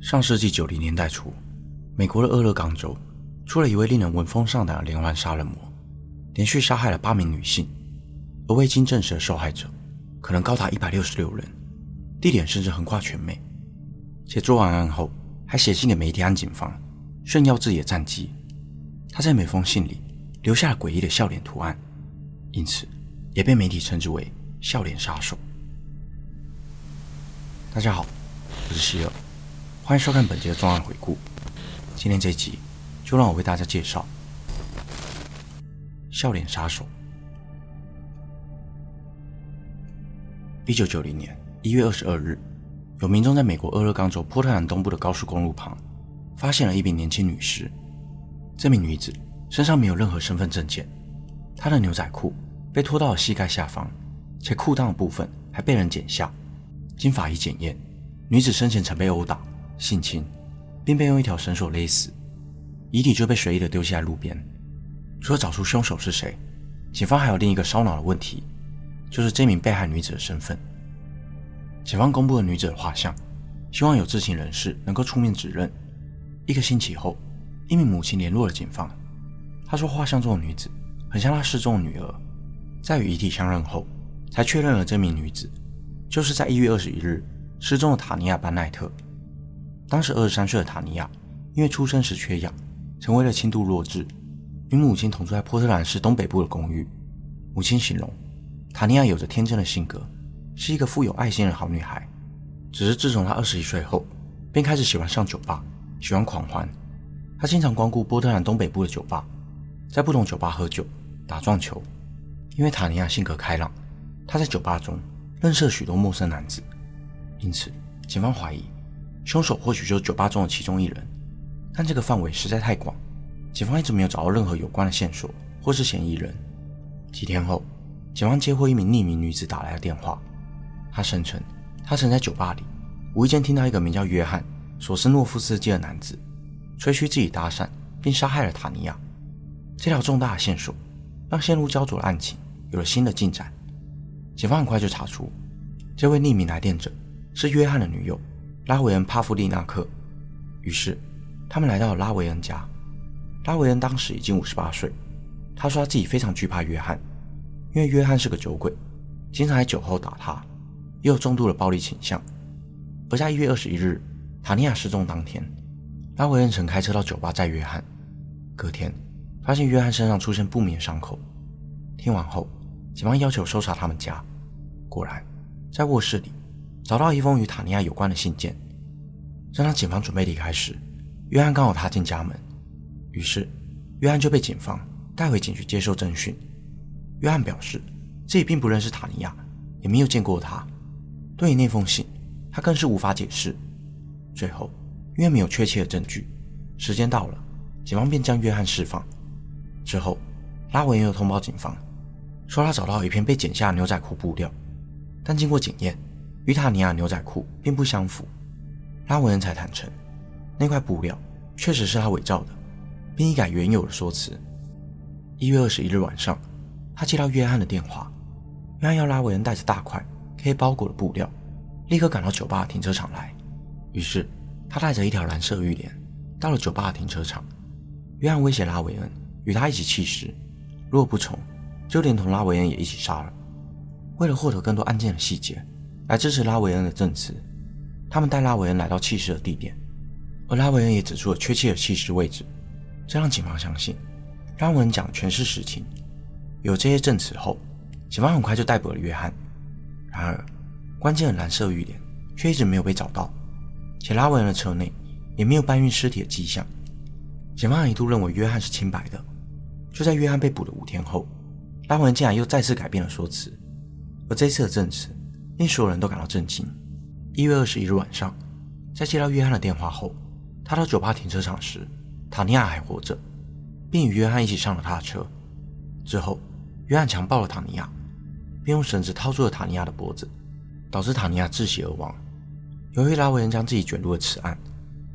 上世紀九零年代初，美國的俄勒岡州出了一位令人聞風喪膽的連環殺人魔，連續殺害了八名女性，而未經證實的受害者可能高達一百六十六人，地點甚至橫跨全美。且做完案後還寫信給媒體及警方，炫耀自己的戰績，他在每封信裡留下了詭異的笑臉圖案，因此也被媒體稱之為“笑臉殺手”。大家好，我是希爾。歡迎收看本節的重案回顧。今天這集，就讓我為大家介紹“笑臉殺手”。一九九零年一月二十二日，有民眾在美國俄勒岡州波特蘭東部的高速公路旁，發現了一名年輕女屍。這名女子身上沒有任何身份證件，她的牛仔褲被拖到了膝蓋下方，且褲襠的部分還被人剪下。經法醫檢驗，女子生前曾被毆打、性侵，並被用一條繩索勒死，遺體就被隨意的丟下在路邊。除了找出凶手是誰，警方還有另一個燒腦的問題，就是這名被害女子的身份。警方公布了女子的畫像，希望有知情人士能夠出面指認。一個星期後，一名母親聯絡了警方，她說畫像中的女子很像她失蹤的女兒。在與遺體相認後，才確認了這名女子就是在一月二十一日失蹤的塔尼亞·班奈特。當時二十三歲的塔尼亞，因為出生時缺氧，成為了輕度弱智。與母親同住在波特蘭市東北部的公寓。母親形容，塔尼亞有着天真的性格，是一個富有愛心的好女孩。只是自從她二十一歲後，便開始喜歡上酒吧，喜歡狂歡。她經常光顧波特蘭東北部的酒吧，在不同酒吧喝酒、打撞球。因為塔尼亞性格開朗，她在酒吧中認識了許多陌生男子，因此警方懷疑。兇手或許就是酒吧中的其中一人，但這個範圍實在太廣，警方一直沒有找到任何有關的線索或是嫌疑人。幾天後，警方接獲一名匿名女子打來的電話，她聲稱她曾在酒吧裡無意間聽到一個名叫約翰·索斯諾夫斯基的男子吹噓自己搭訕並殺害了塔尼亞。這條重大的線索讓陷入焦灼的案情有了新的進展。警方很快就查出，這位匿名來電者是約翰的女友。拉維恩帕夫利納克，於是他們來到了拉維恩家。拉維恩當時已經五十八歲，他說他自己非常懼怕約翰，因為約翰是個酒鬼，經常在酒後打他，也有重度的暴力傾向。而在一月二十一日塔尼亞失蹤當天，拉維恩曾開車到酒吧載約翰，隔天發現約翰身上出現不明傷口。聽完後，警方要求搜查他們家，果然在臥室裡，找到一封與塔尼亞有關的信件，正當警方準備離開時，約翰剛好踏進家門，於是約翰就被警方帶回警局接受偵訊。約翰表示自己並不認識塔尼亞，也沒有見過他。對於那封信，他更是無法解釋。最後，因為沒有確切的證據，時間到了，警方便將約翰釋放。之後，拉維又通報警方，說他找到一片被剪下的牛仔褲布料，但經過檢驗。與塔尼亞牛仔褲並不相符，拉維恩才坦誠，那塊布料確實是他偽造的，並一改原有的說辭。一月二十一日晚上，他接到約翰的電話，約翰要拉維恩帶着大塊可以包裹的布料，立刻趕到酒吧的停車場來。於是，他帶着一條藍色浴簾到了酒吧的停車場。約翰威脅拉維恩與他一起棄屍，如果不從，就連同拉維恩也一起殺了。為了獲得更多案件的細節。來支持拉維恩的證詞，他們帶拉維恩來到棄屍的地點，而拉維恩也指出了確切的棄屍位置，這讓警方相信拉維恩講的全是實情。有這些證詞後，警方很快就逮捕了約翰。然而，關鍵的藍色浴簾卻一直沒有被找到，且拉維恩的車內也沒有搬運屍體的跡象。警方一度認為約翰是清白的。就在約翰被捕的五天後，拉維恩竟然又再次改變了說辭，而這次的證詞。令所有人都感到震驚。一月二十一日晚上，在接到約翰的電話後，他到酒吧停車場時，塔尼亞還活着，並與約翰一起上了他的車。之後，約翰強暴了塔尼亞，並用繩子套住了塔尼亞的脖子，導致塔尼亞窒息而亡。由於拉維恩將自己捲入了此案，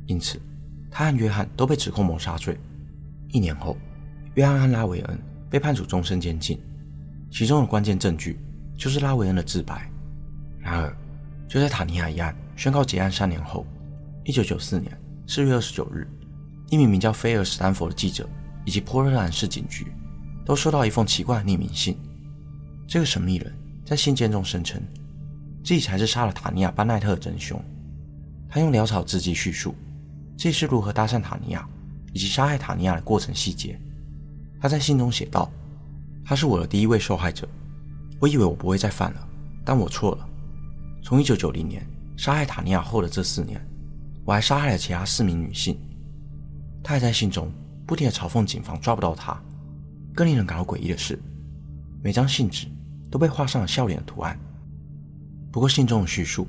因此他和約翰都被指控謀殺罪。一年後，約翰和拉維恩被判處終身監禁。其中的關鍵證據就是拉維恩的自白。然而，就在塔尼亞一案宣告結案三年後，一九九四年四月二十九日，一名名叫菲爾·史丹佛的記者以及波特蘭市警局都收到一封奇怪的匿名信。這個神秘人在信件中聲稱自己才是殺了塔尼亞·班奈特的真兇。他用潦草字跡敘述自己是如何搭訕塔尼亞以及殺害塔尼亞的過程細節。他在信中寫道：“他是我的第一位受害者，我以為我不會再犯了，但我錯了。”從一九九零年殺害塔尼亞後的這四年，我還殺害了其他四名女性。他還在信中不停地嘲諷警方抓不到他。更令人感到詭異的是，每張信紙都被畫上了笑臉的圖案。不過，信中的敘述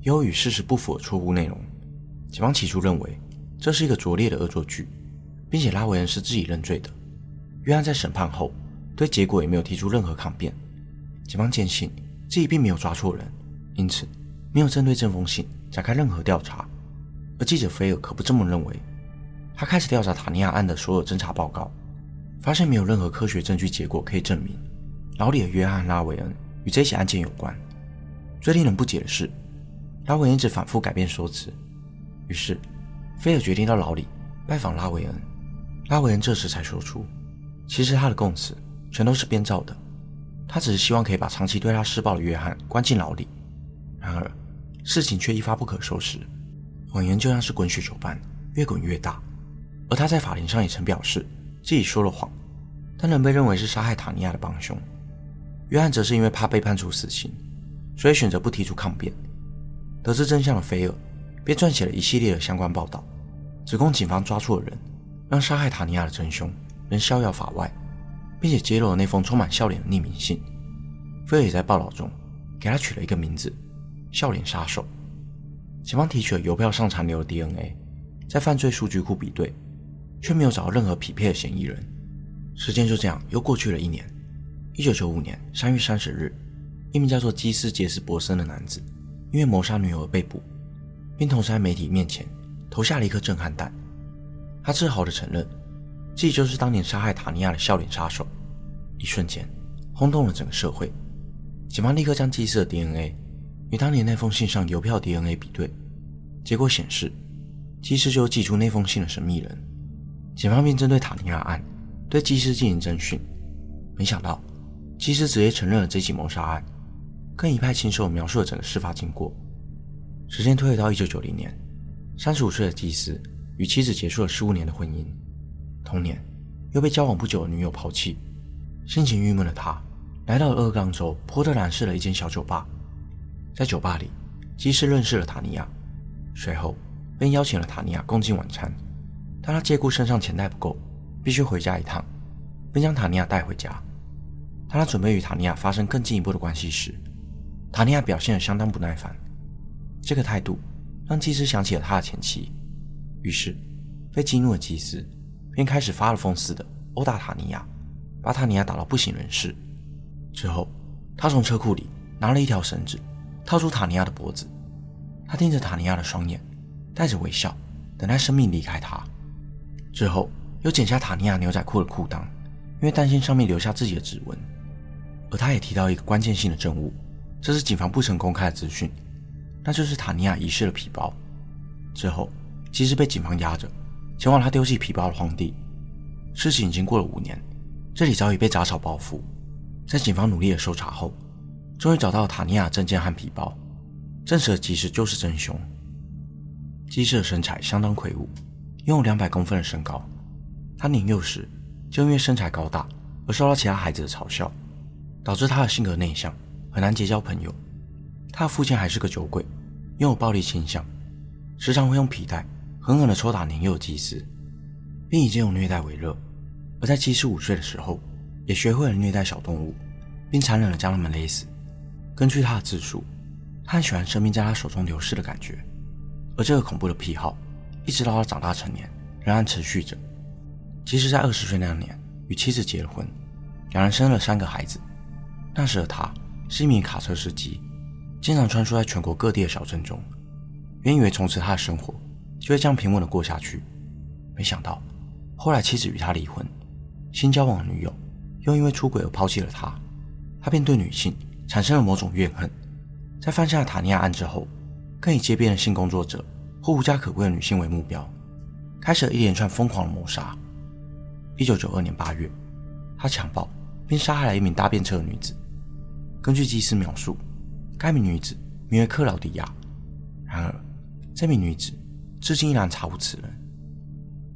也有與事實不符的錯誤內容。警方起初認為這是一個拙劣的惡作劇，並且拉維恩是自己認罪的。約翰在審判後對結果也沒有提出任何抗辯。警方堅信自己並沒有抓錯人。因此，沒有針對這封信展開任何調查，而記者菲爾可不這麼認為。他開始調查塔尼亞案的所有偵查報告，發現沒有任何科學證據結果可以證明牢裡的約翰拉維恩與這起案件有關。最令人不解的是，拉維恩一直反覆改變說辭。於是，菲爾決定到牢裡拜訪拉維恩。拉維恩這時才說出，其實他的供詞全都是編造的。他只是希望可以把長期對他施暴的約翰關進牢裡。然而，事情卻一發不可收拾，謊言就像是滾雪球般越滾越大。而他在法庭上也曾表示自己說了謊，但仍被認為是殺害塔尼亞的幫兇。約翰則是因為怕被判處死刑，所以選擇不提出抗辯。得知真相的菲爾，便撰寫了一系列的相關報道，指控警方抓錯了人，讓殺害塔尼亞的真兇仍逍遙法外，並且揭露了那封充滿笑臉的匿名信。菲爾也在報道中給他取了一個名字。笑臉殺手，警方提取了郵票上殘留的 DNA，在犯罪數據庫比對，卻沒有找到任何匹配的嫌疑人。時間就這樣又過去了一年。一九九五年三月三十日，一名叫做基斯傑斯伯森的男子，因為謀殺女友而被捕，並同時在媒體面前投下了一顆震撼彈。他自豪的承認，自己就是當年殺害塔尼亞的笑臉殺手。一瞬間，轟動了整個社會。警方立刻將基斯的 DNA。與當年那封信上郵票 DNA 比對，結果顯示，基斯就是寄出那封信的神秘人。警方便針對塔尼亞案對基斯進行偵訊，沒想到基斯直接承認了這起謀殺案，更一派親手描述了整個事發經過。時間推回到一九九零年，三十五歲的基斯與妻子結束了十五年的婚姻，同年又被交往不久的女友拋棄，心情鬱悶的他來到了俄勒岡州波特蘭市的一間小酒吧。在酒吧裡，基斯認識了塔尼亞，隨後便邀請了塔尼亞共進晚餐。當他借故身上錢袋不夠，必須回家一趟，並將塔尼亞帶回家。當他準備與塔尼亞發生更進一步的關係時，塔尼亞表現得相當不耐煩。這個態度讓基斯想起了他的前妻，於是被激怒的基斯便開始發了瘋似的毆打塔尼亞，把塔尼亞打到不省人事。之後，他從車庫裡拿了一條繩子。套住塔尼亞的脖子，他盯着塔尼亞的雙眼，帶着微笑等待生命離開他。之後，又剪下塔尼亞牛仔褲的褲襠，因為擔心上面留下自己的指紋。而他也提到一個關鍵性的證物，這是警方不曾公開的資訊，那就是塔尼亞遺失的皮包。之後，其實被警方押着，前往他丟棄皮包的荒地。事情已經過了五年，這裡早已被雜草包覆，在警方努力的搜查後，終於找到了塔尼亞的證件和皮包，證實了其實就是真兇。雞師的身材相當魁梧，擁有兩百公分的身高。他年幼時就因為身材高大而受到其他孩子的嘲笑，導致他的性格內向，很難結交朋友。他的父親還是個酒鬼，擁有暴力傾向，時常會用皮帶狠狠地抽打年幼的技師，並以這種虐待為樂。而在七十五歲的時候，也學會了虐待小動物，並殘忍的將他們勒死。根據他的自述，他很喜歡生命在他手中流逝的感覺，而這個恐怖的癖好，一直到他長大成年仍然持續着。其實，在二十歲那年，與妻子結了婚，兩人生了三個孩子。那時的他是一名卡車司機，經常穿梭在全國各地的小鎮中。原以為從此他的生活就會這樣平穩地過下去，沒想到後來妻子與他離婚，新交往的女友又因為出軌而拋棄了他，他便對女性。產生了某種怨恨，在犯下了塔尼亞案之後，更以街邊的性工作者或無家可歸的女性為目標，開始了一連串瘋狂的謀殺。1992年8月，他強暴並殺害了一名搭便車的女子。根據祭司描述，該名女子名為克勞迪婭。然而，這名女子至今依然查無此人。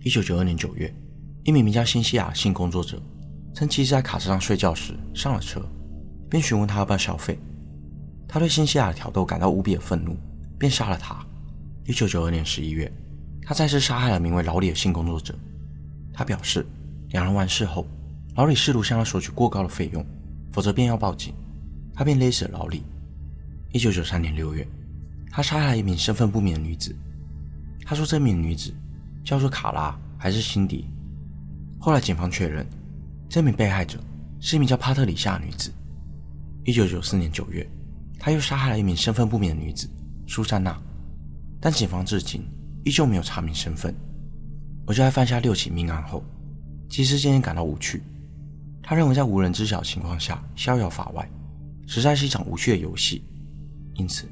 1992年9月，一名名叫辛西亞的性工作者趁其師在卡車上睡覺時上了車。並詢問他要不要小費。他對辛西婭的挑逗感到無比的憤怒，便殺了他。一九九二年十一月，他再次殺害了名為老李的性工作者。他表示，兩人完事後，老李試圖向他索取過高的費用，否則便要報警。他便勒死了老李。一九九三年六月，他殺害了一名身份不明的女子。他說這名女子叫做卡拉還是辛迪。後來警方確認，這名被害者是一名叫帕特里夏的女子。一九九四年九月，他又殺害了一名身份不明的女子蘇珊娜，但警方至今依舊沒有查明身份。而在犯下六起命案後，基斯漸漸感到無趣。他認為在無人知曉的情況下逍遙法外，實在是一場無趣的遊戲。因此，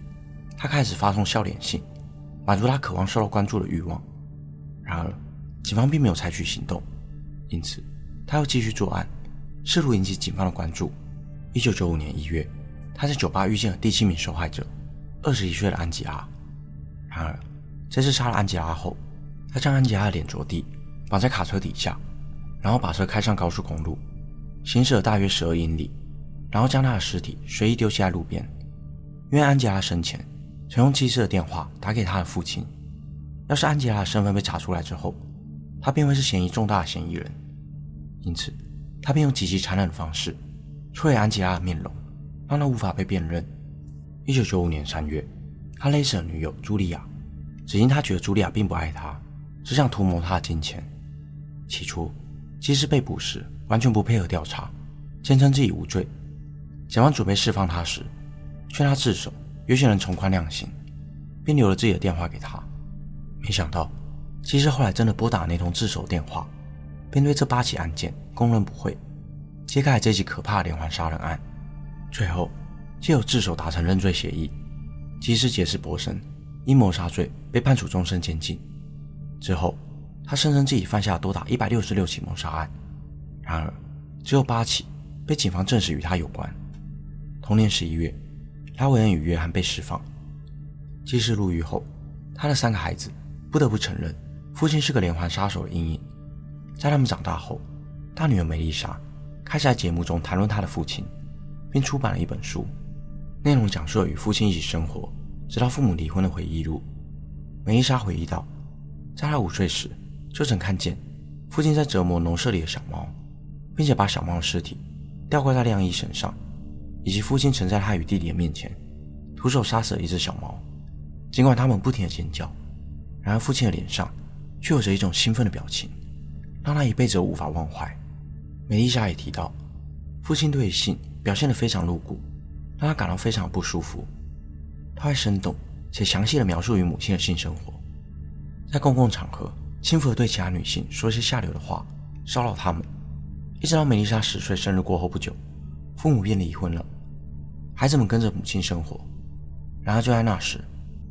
他開始發送笑臉信，滿足他渴望受到關注的慾望。然而，警方並沒有採取行動，因此他又繼續作案，試圖引起警方的關注。一九九五年一月，他在酒吧遇見了第七名受害者，二十一歲的安吉拉。然而，在刺殺了安吉拉後，他將安吉拉的臉着地，綁在卡車底下，然後把車開上高速公路，行駛了大約十二英里，然後將他的屍體隨意丟棄在路邊。因為安吉拉的生前曾用妻子的電話打給他的父親，要是安吉拉的身份被查出來之後，他便會是嫌疑重大的嫌疑人，因此他便用極其殘忍的方式。摧毀安吉拉的面容，讓她無法被辨認。一九九五年三月，他勒死了女友茱莉亞，只因他覺得茱莉亞並不愛他，只想圖謀他的金錢。起初，基斯被捕時完全不配合調查，堅稱自己無罪。警方準備釋放他時，勸他自首，也許能從寬量刑，並留了自己的電話給他。沒想到，基斯後來真的撥打那通自首電話，並對這八起案件供認不諱。揭開了這起可怕的連環殺人案，最後，藉由自首達成認罪協議，基思·傑斯珀森因謀殺罪被判處終身監禁。之後，他聲稱自己犯下了多達一百六十六起謀殺案，然而只有八起被警方證實與他有關。同年十一月，拉維恩與約翰被釋放。基思入獄後，他的三個孩子不得不承認父親是個連環殺手的陰影。在他們長大後，大女兒梅麗莎。他在節目中談論他的父親，並出版了一本書，內容講述了與父親一起生活直到父母離婚的回憶錄。梅麗莎回憶道，在她五歲時，就曾看見父親在折磨農舍裡的小貓，並且把小貓的屍體吊掛在晾衣繩上，以及父親曾在她與弟弟的面前，徒手殺死了一隻小貓。儘管他們不停地尖叫，然而父親的臉上卻有着一種興奮的表情，讓她一輩子都無法忘懷。梅麗莎也提到，父親對於性表現得非常露骨，讓她感到非常不舒服。他還生動且詳細的描述與母親的性生活，在公共場合輕浮地對其他女性說一些下流的話，騷擾她們。一直到梅麗莎十歲生日過後不久，父母便離婚了，孩子們跟着母親生活。然而就在那時，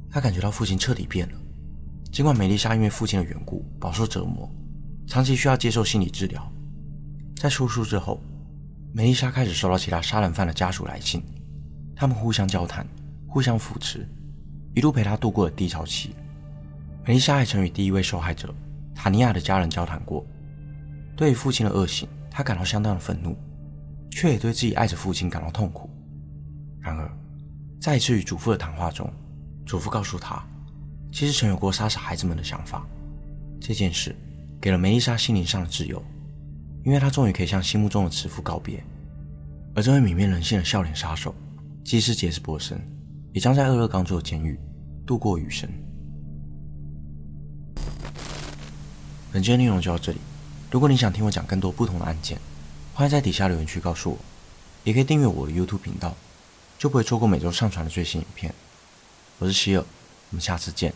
她感覺到父親徹底變了。儘管梅麗莎因為父親的緣故飽受折磨，長期需要接受心理治療。在出書之後，梅麗莎開始收到其他殺人犯的家屬來信，他們互相交談，互相扶持，一路陪她度過了低潮期。梅麗莎還曾與第一位受害者塔尼亞的家人交談過，對於父親的惡行，她感到相當的憤怒，卻也對自己愛着父親感到痛苦。然而，在一次與祖父的談話中，祖父告訴她，其實曾有過殺死孩子們的想法。這件事給了梅麗莎心靈上的自由。因為他終於可以向心目中的慈父告別，而這位泯滅人性的笑臉殺手基斯杰斯伯森，也將在俄勒岡州的監獄度過餘生。本期的內容就到這裡，如果你想聽我講更多不同的案件，歡迎在底下留言區告訴我，也可以訂閱我的 YouTube 頻道，就不會錯過每周上傳的最新影片。我是希爾，我們下次見。